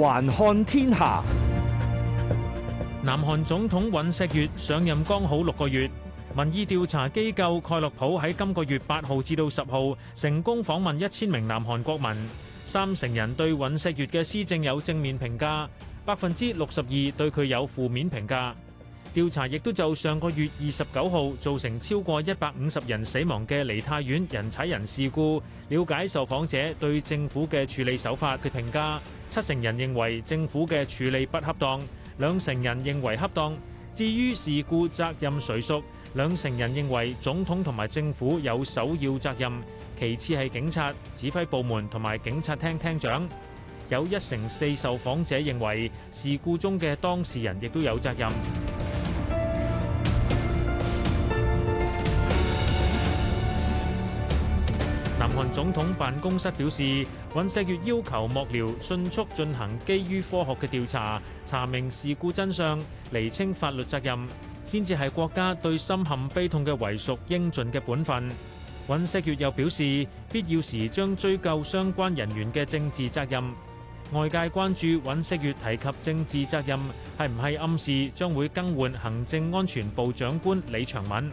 環看天下，南韓總統尹錫悅上任剛好六個月。民意調查機構蓋洛普喺今個月八號至到十號成功訪問一千名南韓國民，三成人對尹錫悅嘅施政有正面評價，百分之六十二對佢有負面評價。調查亦都就上個月二十九號造成超過一百五十人死亡嘅梨泰院人踩人事故，了解受訪者對政府嘅處理手法嘅評價。七成人認為政府嘅處理不恰當，兩成人認為恰當。至於事故責任誰屬，兩成人認為總統同埋政府有首要責任，其次係警察、指揮部門同埋警察廳廳長。有一成四受訪者認為事故中嘅當事人亦都有責任。韓總統辦公室表示，尹錫悅要求幕僚迅速進行基於科學嘅調查，查明事故真相，釐清法律責任，先至係國家對深陷悲痛嘅遺屬應盡嘅本分。尹錫悅又表示，必要時將追究相關人員嘅政治責任。外界關注尹錫悅提及政治責任係唔係暗示將會更換行政安全部長官李長敏。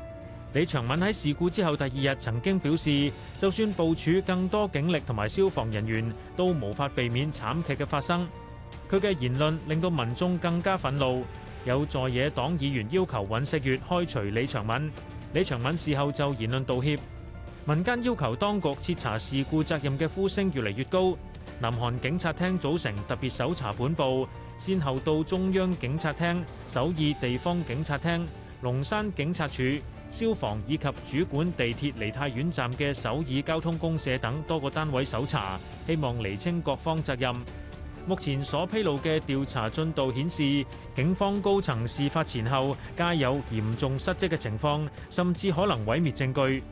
李祥敏喺事故之後第二日，曾經表示，就算部署更多警力同埋消防人員，都無法避免慘劇嘅發生。佢嘅言論令到民眾更加憤怒，有在野黨議員要求尹錫悅開除李祥敏。李祥敏事後就言論道歉。民間要求當局徹查事故責任嘅呼聲越嚟越高。南韓警察廳組成特別搜查本部，先後到中央警察廳、首爾地方警察廳、龍山警察署、消防以及主管地鐵梨泰院站嘅首爾交通公社等多個單位搜查，希望釐清各方責任。目前所披露嘅調查進度顯示，警方高層事發前後皆有嚴重失職嘅情況，甚至可能毀滅證據。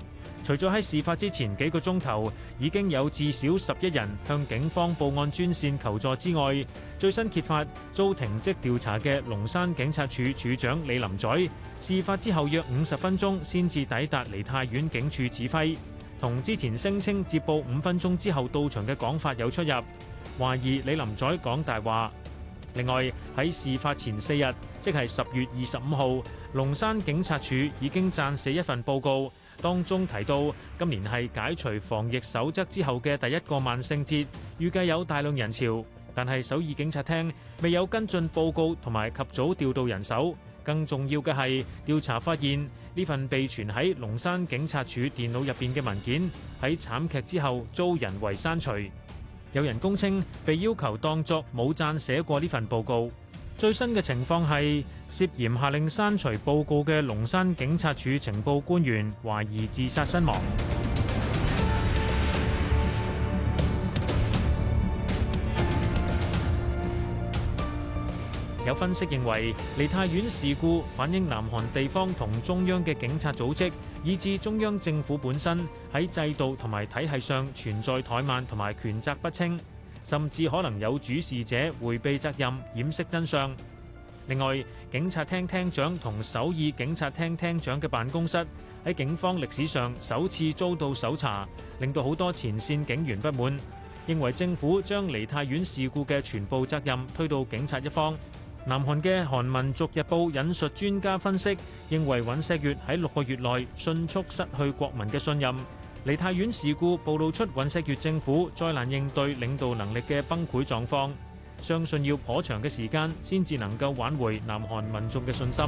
除咗喺事發之前幾個鐘頭已經有至少十一人向警方報案專線求助之外，最新揭發遭停職調查嘅龍山警察處處長李林宰，事發之後約五十分鐘先至抵達梨泰院警署指揮，同之前聲稱接報五分鐘之後到場嘅講法有出入，懷疑李林宰講大話。另外喺事發前四日，即係十月二十五號，龍山警察處已經撰寫一份報告。當中提到，今年係解除防疫守則之後嘅第一個萬聖節，預計有大量人潮。但係首爾警察廳未有跟進報告同埋及早調度人手。更重要嘅係調查發現，呢份被存喺龍山警察署電腦入邊嘅文件喺慘劇之後遭人為刪除。有人供稱被要求當作冇撰寫過呢份報告。最新嘅情況係。涉嫌下令刪除報告嘅龍山警察署情報官員，懷疑自殺身亡。 有分析認為，梨泰院事故反映南韓地方同中央嘅警察組織，以至中央政府本身喺制度同埋體系上存在怠慢同埋權責不清，甚至可能有主事者迴避責任、掩飾真相。另外，警察廳廳長同首爾警察廳廳長嘅辦公室喺警方歷史上首次遭到搜查，令到好多前線警員不滿，認為政府將梨泰院事故嘅全部責任推到警察一方。南韓嘅韓民族日報引述專家分析，認為尹錫悅喺六個月內迅速失去國民嘅信任。梨泰院事故暴露出尹錫悅政府災難應對領導能力嘅崩潰狀況。相信要頗長嘅時間先至能夠挽回南韓民眾嘅信心。